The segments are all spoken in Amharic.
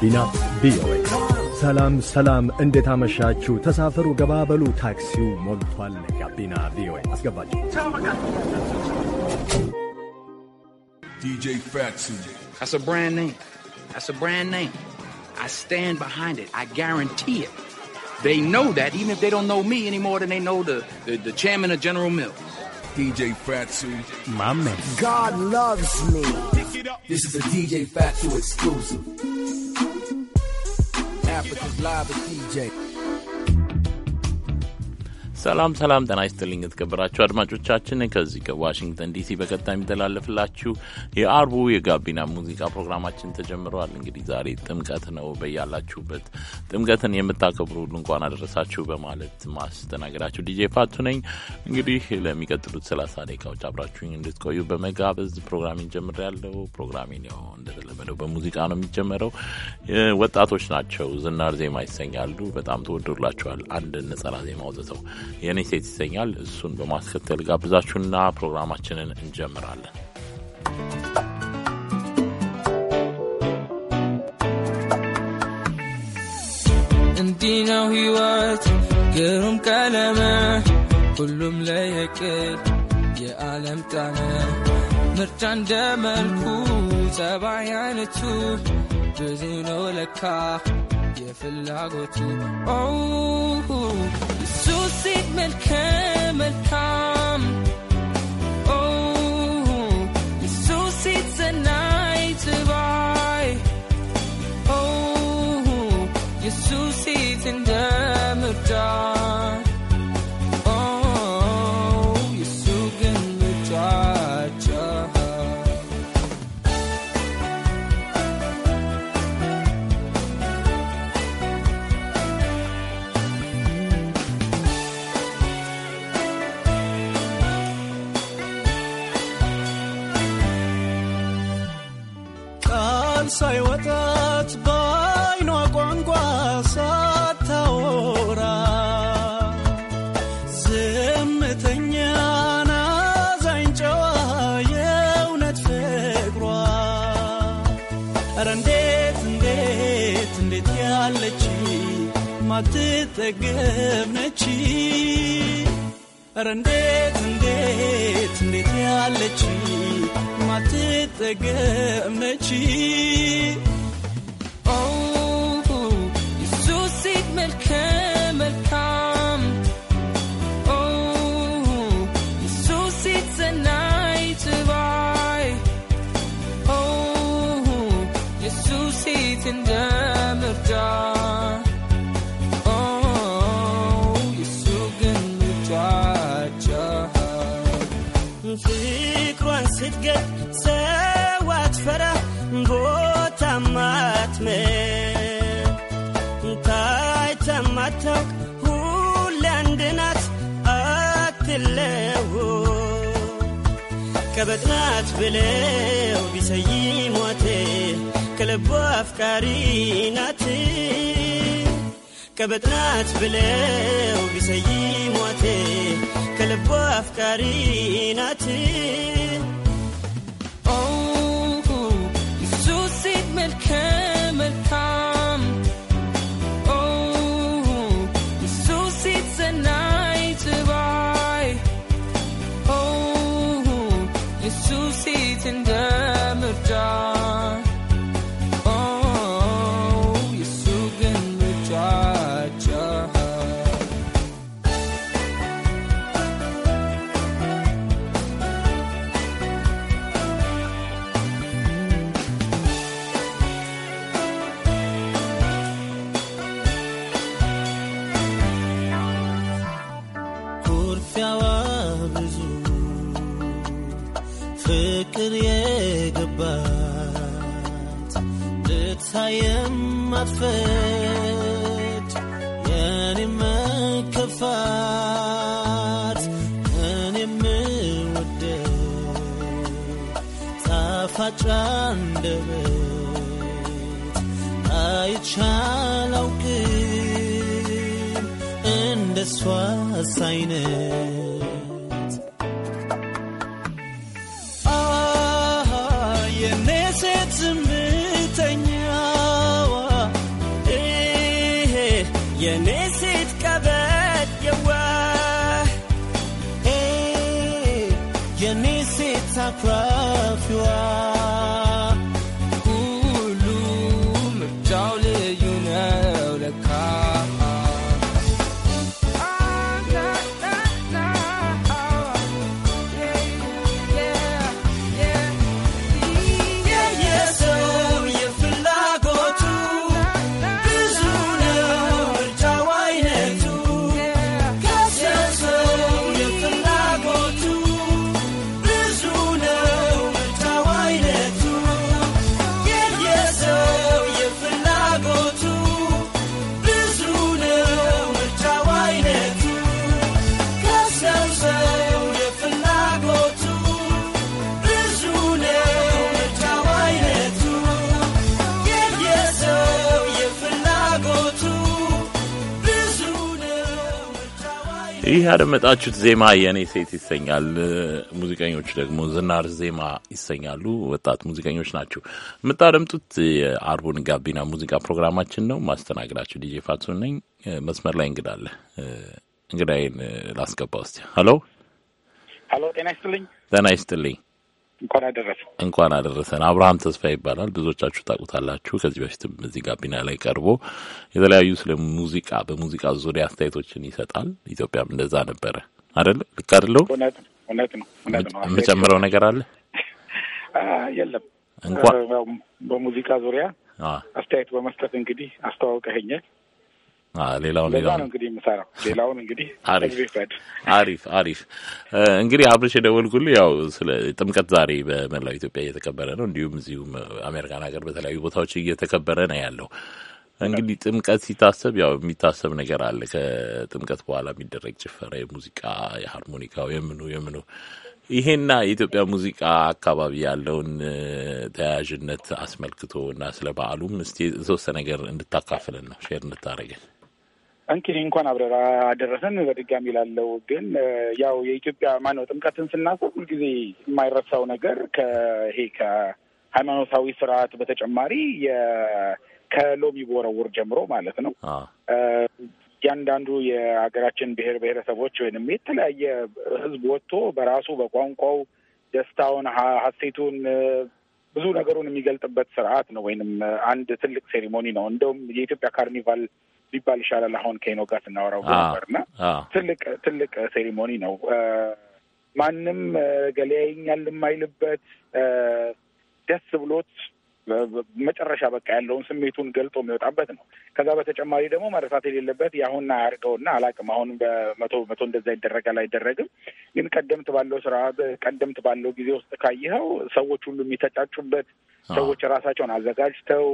ጋቢና ቪኦኤ። ሰላም ሰላም፣ እንዴት አመሻችሁ? ተሳፈሩ፣ ገባበሉ፣ ታክሲው ሞልቷል። ጋቢና ቪኦኤ አስገባችሁ። DJ That's a brand name. That's a brand name. I stand behind it. I guarantee it. They know that even if they don't know me any more than they know the, the, the chairman of General Mills. DJ Fatsu. My man. God loves me. This is a DJ Fatu exclusive. Africa's Live with DJ. ሰላም ሰላም፣ ጤና ይስጥልኝ የተከበራችሁ አድማጮቻችን ከዚህ ከዋሽንግተን ዲሲ በቀጥታ የሚተላለፍላችሁ የአርቡ የጋቢና ሙዚቃ ፕሮግራማችን ተጀምረዋል። እንግዲህ ዛሬ ጥምቀት ነው። በያላችሁበት ጥምቀትን የምታከብሩ ሁሉ እንኳን አደረሳችሁ በማለት ማስተናገዳችሁ ዲጄ ፋቱ ነኝ። እንግዲህ ለሚቀጥሉት ሰላሳ ደቂቃዎች አብራችሁኝ እንድትቆዩ በመጋበዝ ጀምር ያለው ፕሮግራሚን ያው እንደተለመደው በሙዚቃ ነው የሚጀመረው። ወጣቶች ናቸው። ዝናር ዜማ ይሰኛሉ። በጣም ተወዶላችኋል። አንድ ነጠላ ዜማ አውጥተው የኔ ሴት ይሰኛል። እሱን በማስከተል ጋብዛችሁና ፕሮግራማችንን እንጀምራለን። እንዲህ ነው ህይወት ግሩም ቀለመ ሁሉም ላይ የዓለም ጣነ ምርጫ እንደ መልኩ ጸባይ አይነቱ ብዙ ነው ለካ የፍላጎቱ موسیقی Jesus Oh, Jesus ያጠገብነች ኧረ እንዴት እንዴት እንዴት ያለች ማትጠገብነች ስትገድ ሰው አትፈራ ቦታ አትመን ታይታም አታውቅ ሁሌ አንድ ናት አትለው ቀበጥናት ብለው ቢሰይሟት ከልቧ አፍቃሪ ናት ቀበጥናት ብለው ቢሰይሟት ከልቧ አፍቃሪ ናት ጣፋጭ አንደበት አይቻላውቅ እንደሷ ሳይነ ይህ ያደመጣችሁት ዜማ የእኔ ሴት ይሰኛል። ሙዚቀኞቹ ደግሞ ዝናር ዜማ ይሰኛሉ። ወጣት ሙዚቀኞች ናቸው። የምታደምጡት የአርቡን ጋቢና ሙዚቃ ፕሮግራማችን ነው። ማስተናግዳችሁ ዲጄ ፋቱ ነኝ። መስመር ላይ እንግዳለ እንግዳይን ላስገባ ውስጥ ሀሎ ሀሎ። ጤና ይስጥልኝ። ጤና ይስጥልኝ። እንኳን አደረሰ እንኳን አደረሰን። አብርሃም ተስፋ ይባላል። ብዙዎቻችሁ ታውቁታላችሁ። ከዚህ በፊትም እዚህ ጋቢና ላይ ቀርቦ የተለያዩ ስለ ሙዚቃ በሙዚቃ ዙሪያ አስተያየቶችን ይሰጣል። ኢትዮጵያም እንደዛ ነበረ አደለ? ልክ አደለው? እውነት ነው። የምጨምረው ነገር አለ የለም? እንኳን በሙዚቃ ዙሪያ አስተያየት በመስጠት እንግዲህ አስተዋውቀኸኛል። ሌላው ሌላውን እንግዲህ የምሰራው ሌላውን እንግዲህ አሪፍ አሪፍ። እንግዲህ አብርሽ የደወልኩልህ ያው ስለ ጥምቀት ዛሬ በመላው ኢትዮጵያ እየተከበረ ነው፣ እንዲሁም እዚሁም አሜሪካን ሀገር በተለያዩ ቦታዎች እየተከበረ ነው ያለው። እንግዲህ ጥምቀት ሲታሰብ ያው የሚታሰብ ነገር አለ። ከጥምቀት በኋላ የሚደረግ ጭፈራ፣ የሙዚቃ የሃርሞኒካው፣ የምኑ የምኑ ይሄና የኢትዮጵያ ሙዚቃ አካባቢ ያለውን ተያያዥነት አስመልክቶ እና ስለ በዓሉም እስቲ የተወሰነ ነገር እንድታካፍልን ነው ሼር እንድታደርገን እንግዲህ እንኳን አብረራ አደረሰን በድጋሚ ላለው ግን ያው የኢትዮጵያ ማነው ጥምቀትን ስናስብ ሁልጊዜ የማይረሳው ነገር ከይሄ ከሃይማኖታዊ ስርዓት በተጨማሪ ከሎሚ ቦረውር ጀምሮ ማለት ነው እያንዳንዱ የሀገራችን ብሔር ብሔረሰቦች ወይንም የተለያየ ህዝብ ወጥቶ በራሱ በቋንቋው ደስታውን፣ ሀሴቱን ብዙ ነገሩን የሚገልጥበት ስርዓት ነው ወይንም አንድ ትልቅ ሴሪሞኒ ነው። እንደውም የኢትዮጵያ ካርኒቫል ቢባል ይሻላል። አሁን ከኖ ጋር ስናወራው ነበርና ትልቅ ትልቅ ሴሪሞኒ ነው። ማንም ገለያይኛል የማይልበት ደስ ብሎት መጨረሻ በቃ ያለውን ስሜቱን ገልጦ የሚወጣበት ነው። ከዛ በተጨማሪ ደግሞ መረሳት የሌለበት የአሁን አያርገውና አላቅም አሁን በመቶ በመቶ እንደዛ ይደረጋል አይደረግም፣ ግን ቀደምት ባለው ስራ ቀደምት ባለው ጊዜ ውስጥ ካየኸው ሰዎች ሁሉ የሚተጫጩበት ሰዎች ራሳቸውን አዘጋጅተው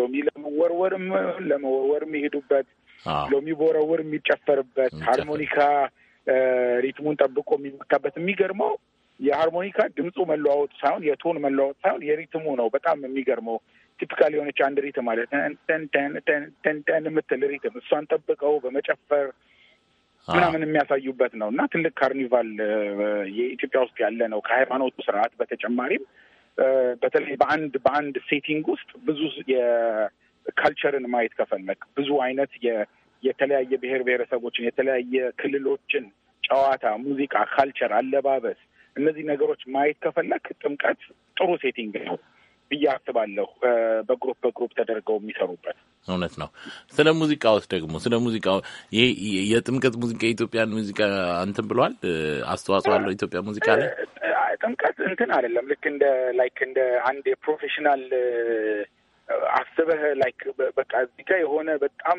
ሎሚ ለመወርወርም ለመወርወር የሚሄዱበት ሎሚ በወረውር የሚጨፈርበት ሃርሞኒካ ሪትሙን ጠብቆ የሚመካበት የሚገርመው የሃርሞኒካ ድምፁ መለዋወጡ ሳይሆን የቶን መለዋወጥ ሳይሆን የሪትሙ ነው። በጣም የሚገርመው ቲፒካል የሆነች አንድ ሪትም አለ ተንተንተንተንተን የምትል ሪትም እሷን ጠብቀው በመጨፈር ምናምን የሚያሳዩበት ነው እና ትልቅ ካርኒቫል የኢትዮጵያ ውስጥ ያለ ነው። ከሃይማኖቱ ስርዓት በተጨማሪም በተለይ በአንድ በአንድ ሴቲንግ ውስጥ ብዙ የካልቸርን ማየት ከፈለግ ብዙ አይነት የተለያየ ብሔር ብሔረሰቦችን የተለያየ ክልሎችን ጨዋታ፣ ሙዚቃ፣ ካልቸር፣ አለባበስ እነዚህ ነገሮች ማየት ከፈለክ ጥምቀት ጥሩ ሴቲንግ ነው ብዬ አስባለሁ። በግሩፕ በግሩፕ ተደርገው የሚሰሩበት እውነት ነው። ስለ ሙዚቃውስ ደግሞ ስለ ሙዚቃ የጥምቀት ሙዚቃ የኢትዮጵያን ሙዚቃ አንትን ብሏል አስተዋጽኦ አለው ኢትዮጵያ ሙዚቃ ላይ ጥምቀት እንትን አይደለም ልክ እንደ ላይክ እንደ አንድ የፕሮፌሽናል አስበህ ላይክ በቃ እዚህ ጋር የሆነ በጣም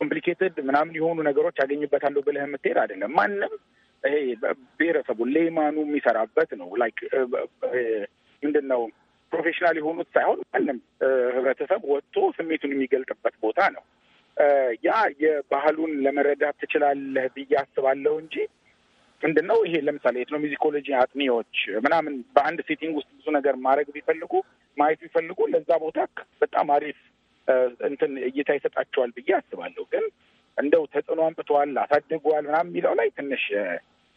ኮምፕሊኬትድ ምናምን የሆኑ ነገሮች ያገኝበታለሁ ብለህ የምትሄድ አይደለም። ማንም ይሄ ብሔረሰቡ ሌማኑ የሚሰራበት ነው። ላይክ ምንድን ነው ፕሮፌሽናል የሆኑት ሳይሆን ማንም ህብረተሰብ ወጥቶ ስሜቱን የሚገልጥበት ቦታ ነው። ያ የባህሉን ለመረዳት ትችላለህ ብዬ አስባለሁ እንጂ ምንድን ነው ይሄ ለምሳሌ ሚዚኮሎጂ አጥኚዎች ምናምን በአንድ ሴቲንግ ውስጥ ብዙ ነገር ማድረግ ቢፈልጉ ማየት ቢፈልጉ ለዛ ቦታ በጣም አሪፍ እንትን እይታ ይሰጣቸዋል ብዬ አስባለሁ። ግን እንደው ተጽዕኖ አምጥተዋል አሳድጓል ምናምን የሚለው ላይ ትንሽ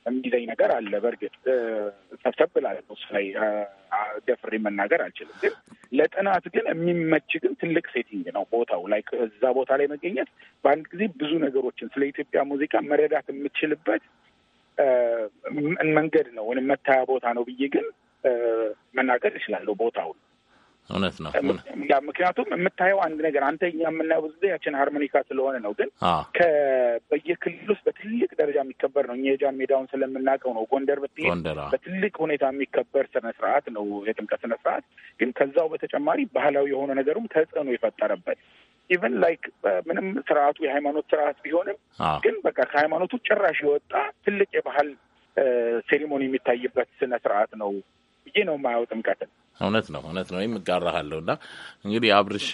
የሚይዘኝ ነገር አለ። በእርግጥ ሰብሰብ ብላለሁ እሱ ላይ ደፍሬ መናገር አልችልም። ግን ለጥናት ግን የሚመች ግን ትልቅ ሴቲንግ ነው ቦታው ላይ እዛ ቦታ ላይ መገኘት በአንድ ጊዜ ብዙ ነገሮችን ስለ ኢትዮጵያ ሙዚቃ መረዳት የምችልበት መንገድ ነው ወይም መታያ ቦታ ነው ብዬ ግን መናገር እችላለሁ ቦታውን እውነት ነው። ምክንያቱም የምታየው አንድ ነገር አንተ እኛ የምናየው ብዙ ጊዜ ያችን ሃርሞኒካ ስለሆነ ነው። ግን በየክልል ውስጥ በትልቅ ደረጃ የሚከበር ነው። እኛ የጃን ሜዳውን ስለምናውቀው ነው። ጎንደር ብትሄድ በትልቅ ሁኔታ የሚከበር ስነስርዓት ነው የጥምቀት ስነስርዓት። ግን ከዛው በተጨማሪ ባህላዊ የሆነ ነገሩም ተጽዕኖ የፈጠረበት ኢቨን ላይክ ምንም ስርዓቱ የሃይማኖት ስርዓት ቢሆንም ግን በቃ ከሃይማኖቱ ጭራሽ የወጣ ትልቅ የባህል ሴሪሞኒ የሚታይበት ስነ ስርዓት ነው ብዬ ነው የማየው ጥምቀትን። እውነት ነው፣ እውነት ነው። ይህም እጋራሃለሁ እና እንግዲህ አብርሽ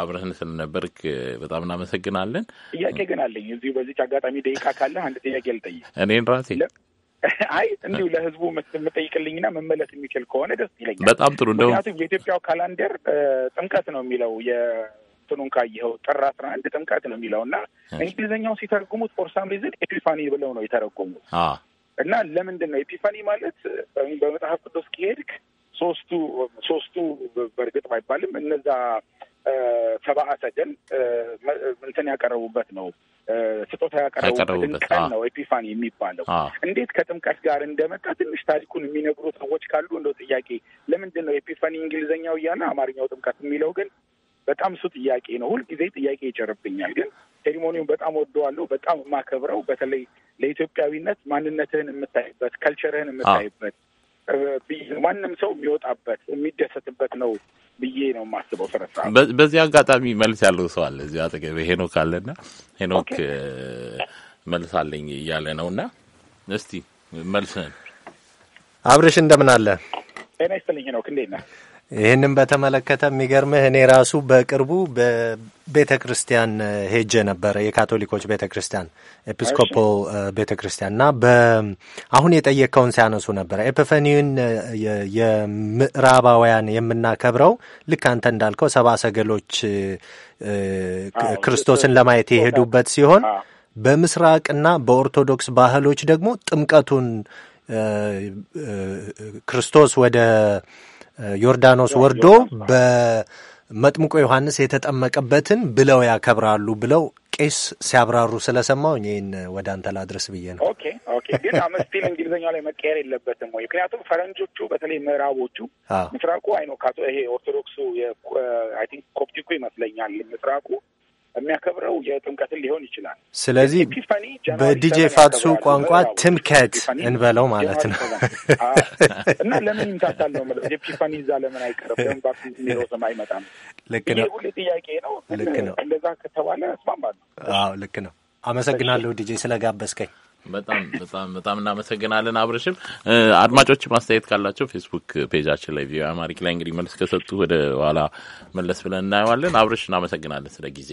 አብረህን ስለነበርክ በጣም እናመሰግናለን። ጥያቄ ግን አለኝ እዚሁ በዚች አጋጣሚ ደቂቃ ካለ አንድ ጥያቄ ልጠይቅ። እኔን ራሴ አይ እንዲሁ ለህዝቡ የምጠይቅልኝና መመለስ የሚችል ከሆነ ደስ ይለኛል። በጣም ጥሩ። እንደውም ምክንያቱም የኢትዮጵያው ካላንደር ጥምቀት ነው የሚለው የትኑን ካየኸው ጥር አስራ አንድ ጥምቀት ነው የሚለው እና እንግሊዝኛውን ሲተረጉሙት ፎር ሳም ሪዝን ኤፒፋኒ ብለው ነው የተረጉሙት እና ለምንድን ነው ኤፒፋኒ ማለት በመጽሐፍ ቅዱስ ከሄድክ ሶስቱ ሶስቱ በእርግጥ ባይባልም እነዛ ሰብአ ሰገል እንትን ያቀረቡበት ነው ስጦታ ያቀረቡበትን ቀን ነው ኤፒፋን የሚባለው። እንዴት ከጥምቀት ጋር እንደመጣ ትንሽ ታሪኩን የሚነግሩ ሰዎች ካሉ እንደው ጥያቄ ለምንድን ነው ኤፒፋኒ እንግሊዝኛው እያለ አማርኛው ጥምቀት የሚለው ግን በጣም እሱ ጥያቄ ነው። ሁልጊዜ ጥያቄ ይጨርብኛል። ግን ሴሪሞኒውን በጣም ወደዋለሁ፣ በጣም የማከብረው በተለይ ለኢትዮጵያዊነት ማንነትህን የምታይበት፣ ከልቸርህን የምታይበት ማንም ሰው የሚወጣበት የሚደሰትበት ነው ብዬ ነው የማስበው። ፈረሳ በዚህ አጋጣሚ መልስ ያለው ሰው አለ እዚህ አጠገብ ሄኖክ አለና ሄኖክ መልስ አለኝ እያለ ነው እና እስቲ መልስ አብርሽ እንደምን አለ ጤና ይስጥልኝ ሄኖክ እንዴት ነህ? ይህንም በተመለከተ የሚገርምህ እኔ ራሱ በቅርቡ በቤተ ክርስቲያን ሄጄ ነበረ። የካቶሊኮች ቤተ ክርስቲያን ኤጲስኮፖ ቤተ ክርስቲያን እና አሁን የጠየቀውን ሲያነሱ ነበረ። ኤፒፋኒውን የምዕራባውያን የምናከብረው ልክ አንተ እንዳልከው ሰባ ሰገሎች ክርስቶስን ለማየት የሄዱበት ሲሆን በምስራቅና በኦርቶዶክስ ባህሎች ደግሞ ጥምቀቱን ክርስቶስ ወደ ዮርዳኖስ ወርዶ በመጥምቆ ዮሐንስ የተጠመቀበትን ብለው ያከብራሉ ብለው ቄስ ሲያብራሩ ስለሰማው ይህን ወደ አንተ ላድረስ ብዬ ነው። ኦኬ ኦኬ። ግን አመስቲል እንግሊዝኛ ላይ መቀየር የለበትም ወይ? ምክንያቱም ፈረንጆቹ በተለይ ምዕራቦቹ፣ ምስራቁ አይኖ ይሄ ኦርቶዶክሱ አይ ቲንክ ኮፕቲኩ ይመስለኛል ምስራቁ የሚያከብረው የጥምቀትን ሊሆን ይችላል። ስለዚህ በዲጄ ፋትሱ ቋንቋ ትምከት እንበለው ማለት ነው እና ለምን ይምታታል ነው ኤፒፋኒ እዛ ለምን አይቀርም? ለምን ባፕቲዝም የሚለው ስም አይመጣም? ልክ ነው። ሁሌ ጥያቄ ነው። ልክ ነው። እንደዛ ከተባለ እስማማለሁ። አዎ ልክ ነው። አመሰግናለሁ ዲጄ ስለጋበዝከኝ። በጣም በጣም በጣም እናመሰግናለን አብረሽም። አድማጮች ማስተያየት ካላቸው ፌስቡክ ፔጃችን ላይ ቪኦኤ አማሪክ ላይ እንግዲህ መልስ ከሰጡ ወደ ኋላ መለስ ብለን እናየዋለን። አብረሽ እናመሰግናለን ስለ ጊዜ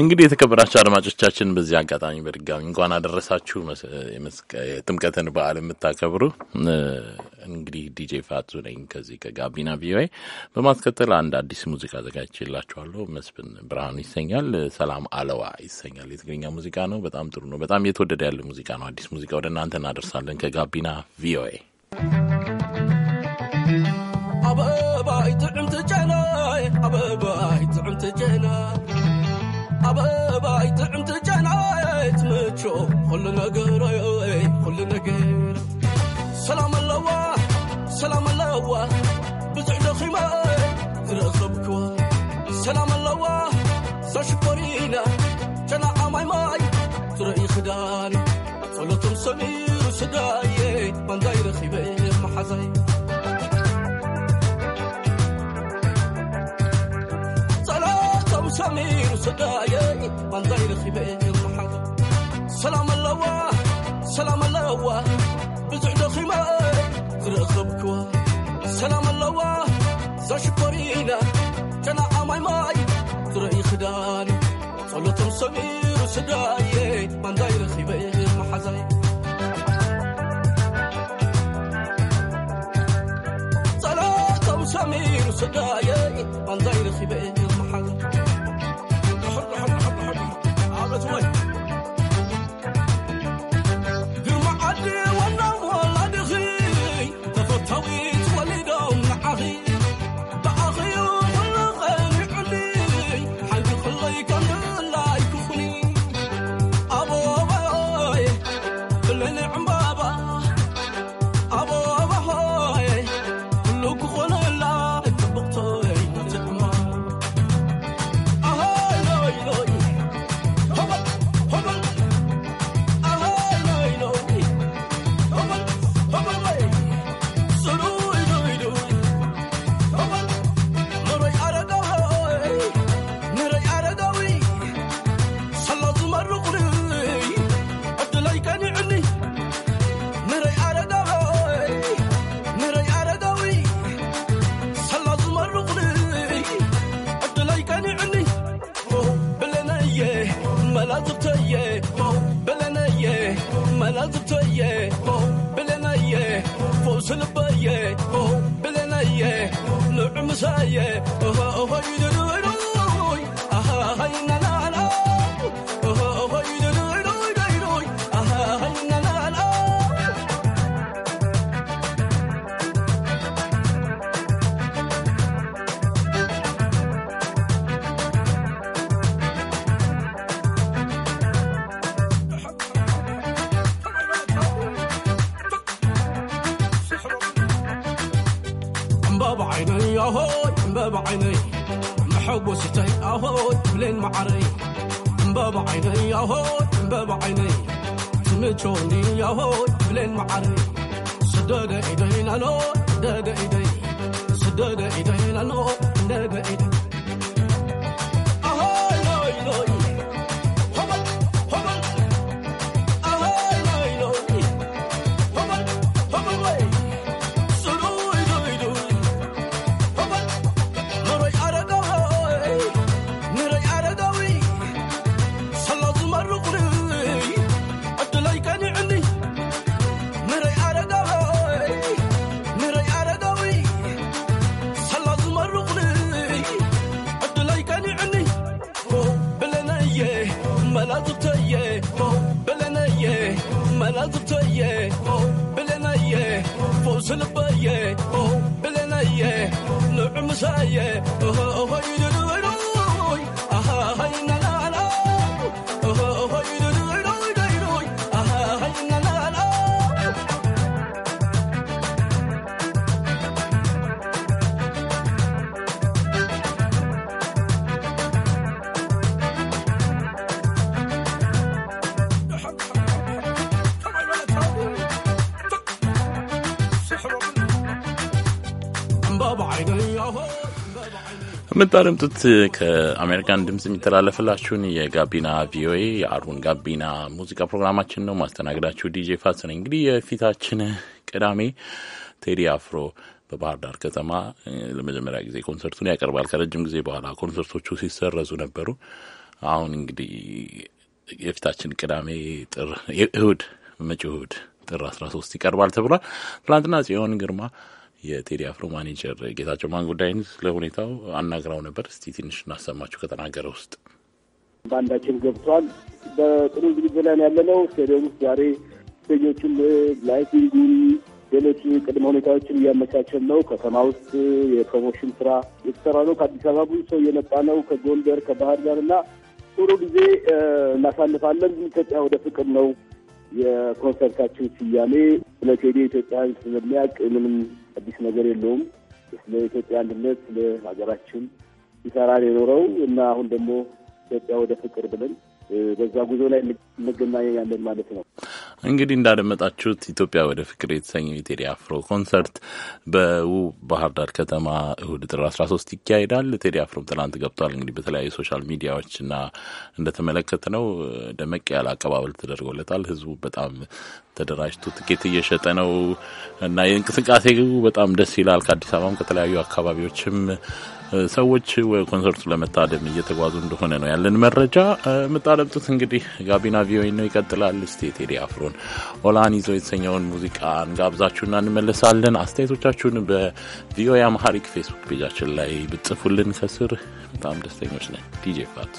እንግዲህ የተከበራችሁ አድማጮቻችን በዚህ አጋጣሚ በድጋሚ እንኳን አደረሳችሁ። የጥምቀትን በዓል የምታከብሩ እንግዲህ ዲጄ ፋጹ ነኝ ከዚህ ከጋቢና ቪኦኤ። በማስከተል አንድ አዲስ ሙዚቃ አዘጋጅቼላችኋለሁ። መስፍን ብርሃኑ ይሰኛል። ሰላም አለዋ ይሰኛል። የትግርኛ ሙዚቃ ነው። በጣም ጥሩ ነው። በጣም እየተወደደ ያለ ሙዚቃ ነው። አዲስ ሙዚቃ ወደ እናንተ እናደርሳለን ከጋቢና ቪኦኤ داي بندير خبير محزي صلاة سمير صداي بندير خبير محزي سلام الله سلام الله بزح دخيما ترخب سلام الله زشكرينا جنا عماي ماي تري خداني صلاة سمير صداي بندير خبير محزي الأمير صدايا عن ضير خبئه ahoy mbabacayny maxogositay ahoy bleen macaray mbabacayny ahoy mbabacayny timijooni ahoy bleen macaray sidada idaynano dada iday sidada idaynano guntaye oh fawzalbaye belenaye nucmusaye የምታደምጡት ከአሜሪካን ድምፅ የሚተላለፍላችሁን የጋቢና ቪኦኤ የአሩን ጋቢና ሙዚቃ ፕሮግራማችን ነው። ማስተናግዳችሁ ዲጄ ፋስ ነኝ። እንግዲህ የፊታችን ቅዳሜ ቴዲ አፍሮ በባህር ዳር ከተማ ለመጀመሪያ ጊዜ ኮንሰርቱን ያቀርባል። ከረጅም ጊዜ በኋላ ኮንሰርቶቹ ሲሰረዙ ነበሩ። አሁን እንግዲህ የፊታችን ቅዳሜ ጥር እሁድ መጪ እሁድ ጥር ሶስት ይቀርባል ተብሏል። ትላንትና ጽዮን ግርማ የቴዲ አፍሮ ማኔጀር ጌታቸው ማን ጉዳይን ስለ ሁኔታው አናግራው ነበር። እስቲ ትንሽ እናሰማችሁ ከተናገረ ውስጥ በአንዳችን ገብቷል። በጥሩ ዝግጅት ላይ ነው። ስቴዲየም ውስጥ ዛሬ ስቴጆቹን ላይቲንጉን፣ ሌሎች ቅድመ ሁኔታዎችን እያመቻቸን ነው። ከተማ ውስጥ የፕሮሞሽን ስራ የተሰራ ነው። ከአዲስ አበባ ብዙ ሰው እየመጣ ነው። ከጎንደር ከባህር ዳር እና ጥሩ ጊዜ እናሳልፋለን። ኢትዮጵያ ወደ ፍቅር ነው የኮንሰርታችን ስያሜ ስለ ቴዲ ኢትዮጵያ ስለሚያውቅ ምንም አዲስ ነገር የለውም። ስለ ኢትዮጵያ አንድነት፣ ስለ ሀገራችን ይሰራ የኖረው እና አሁን ደግሞ ኢትዮጵያ ወደ ፍቅር ብለን በዛ ጉዞ ላይ እንገናኛለን ማለት ነው። እንግዲህ እንዳደመጣችሁት ኢትዮጵያ ወደ ፍቅር የተሰኘው የቴዲ አፍሮ ኮንሰርት በውብ ባህር ዳር ከተማ እሁድ ጥር ሶስት ይካሄዳል። ቴዲ አፍሮም ትናንት ገብቷል። እንግዲህ በተለያዩ ሶሻል ሚዲያዎች እና ነው ደመቅ ያለ አቀባበል ተደርጎለታል። ህዝቡ በጣም ተደራጅቶ ትኬት እየሸጠ ነው እና የእንቅስቃሴ በጣም ደስ ይላል። ከአዲስ አበባም ከተለያዩ አካባቢዎችም ሰዎች ኮንሰርቱ ለመታደም እየተጓዙ እንደሆነ ነው ያለን መረጃ። የምታደምጡት እንግዲህ ጋቢና ቪኦኤ ነው፣ ይቀጥላል። እስቲ ቴዲ አፍሮን ኦላን ይዞ የተሰኘውን ሙዚቃ እንጋብዛችሁና እንመለሳለን። አስተያየቶቻችሁን በቪኦኤ አማሪክ ፌስቡክ ፔጃችን ላይ ብጽፉልን ከስር በጣም ደስተኞች ነን። ዲጄ ፋቱ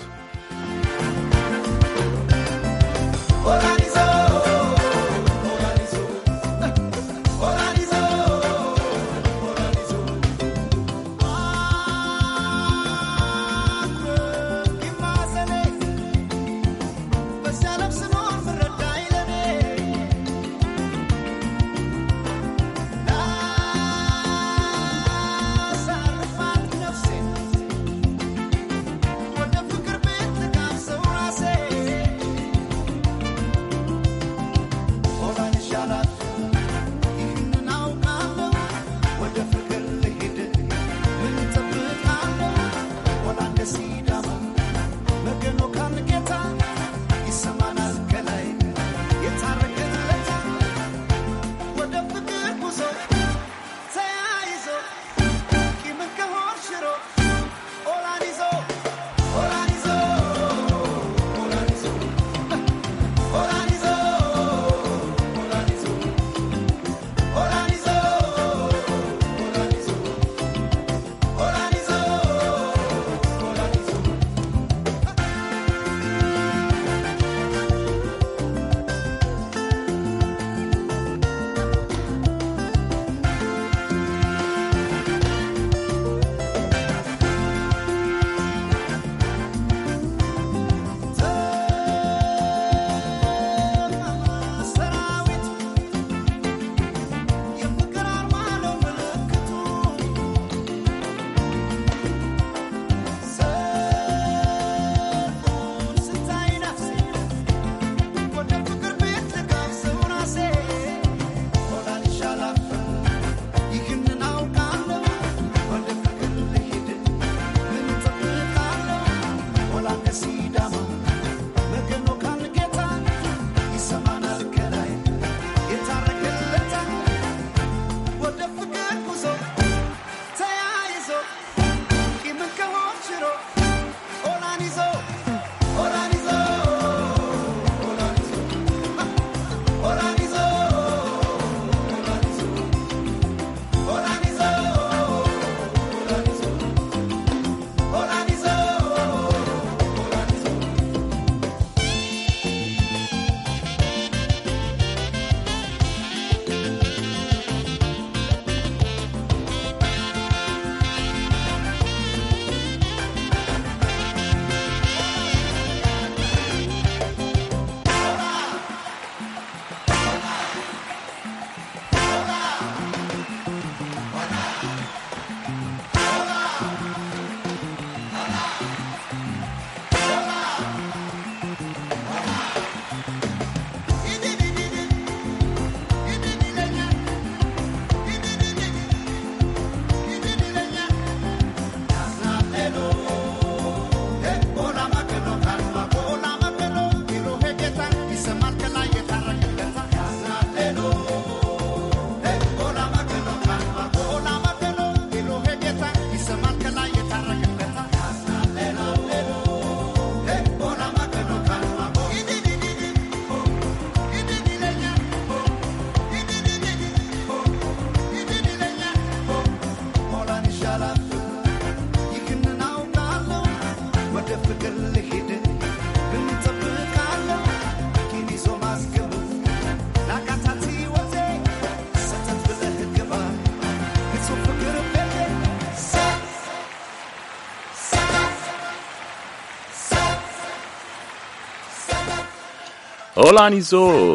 ኦላን ይዞ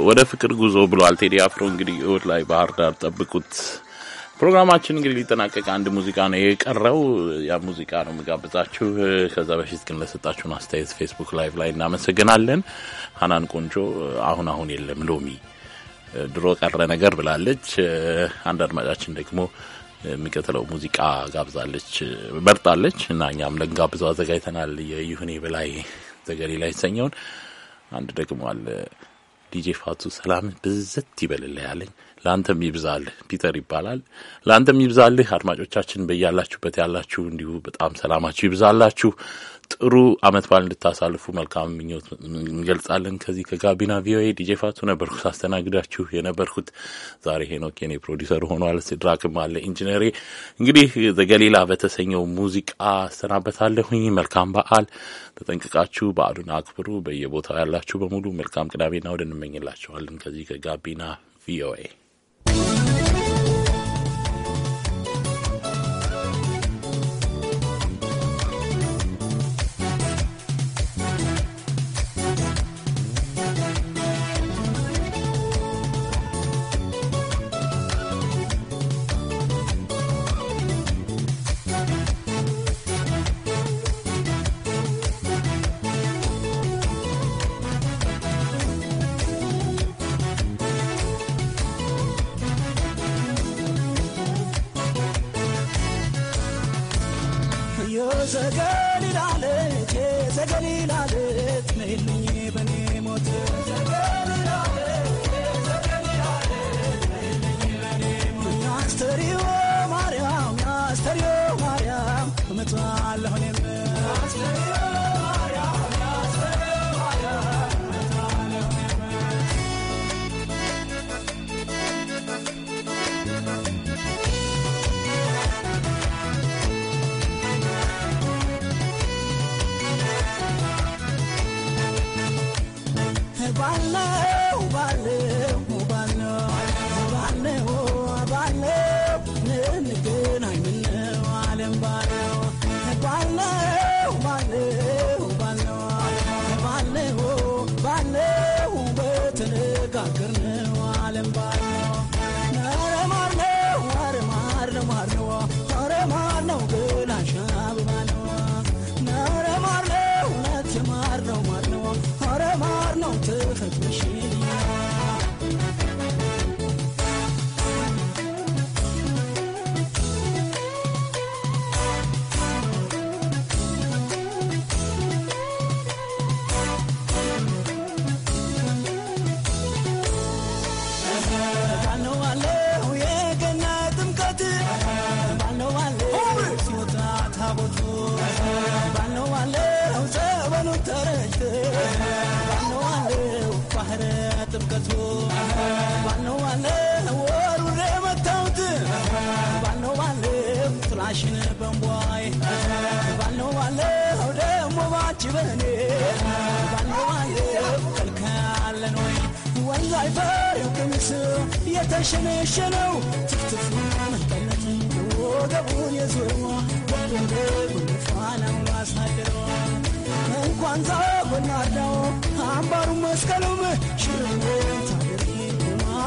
ወደ ፍቅር ጉዞ ብሏል ቴዲ አፍሮ። እንግዲህ እሁድ ላይ ባህር ዳር ጠብቁት። ፕሮግራማችን እንግዲህ ሊጠናቀቅ አንድ ሙዚቃ ነው የቀረው። ያ ሙዚቃ ነው የምጋብዛችሁ። ከዛ በፊት ግን ለሰጣችሁን አስተያየት ፌስቡክ ላይቭ ላይ እናመሰግናለን። ሀናን ቆንጆ አሁን አሁን የለም ሎሚ ድሮ ቀረ ነገር ብላለች። አንድ አድማጫችን ደግሞ የሚቀጥለው ሙዚቃ ጋብዛለች መርጣለች እና እኛም ለንጋብዛው አዘጋጅተናል። የይሁኔ በላይ ዘገሌ ላይ ይሰኘውን አንድ ደግሞ አለ ዲጄ ፋቱ ሰላም ብዝት ይበልልህ ያለኝ ለአንተም ይብዛልህ። ፒተር ይባላል። ለአንተም ይብዛልህ። አድማጮቻችን በያላችሁበት ያላችሁ እንዲሁ በጣም ሰላማችሁ ይብዛላችሁ። ጥሩ አመት በዓል እንድታሳልፉ መልካም ምኞት እንገልጻለን። ከዚህ ከጋቢና ቪኦኤ ዲጄ ፋቱ ነበርኩ ሳስተናግዳችሁ የነበርኩት። ዛሬ ሄኖክ የኔ ፕሮዲሰር ሆኗል። ሲድራክም አለ ኢንጂነሬ። እንግዲህ ዘገሊላ በተሰኘው ሙዚቃ አሰናበታለሁኝ። መልካም በዓል። ተጠንቅቃችሁ በዓሉን አክብሩ። በየቦታው ያላችሁ በሙሉ መልካም ቅዳሜና ወደ እንመኝላችኋለን። ከዚህ ከጋቢና ቪኦኤ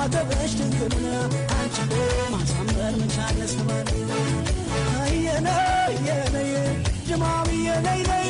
አጠበሽ ድንግል አንቺ ማሳመር ምንቻነስ ማን የነ የነ ጅማም የነይነይ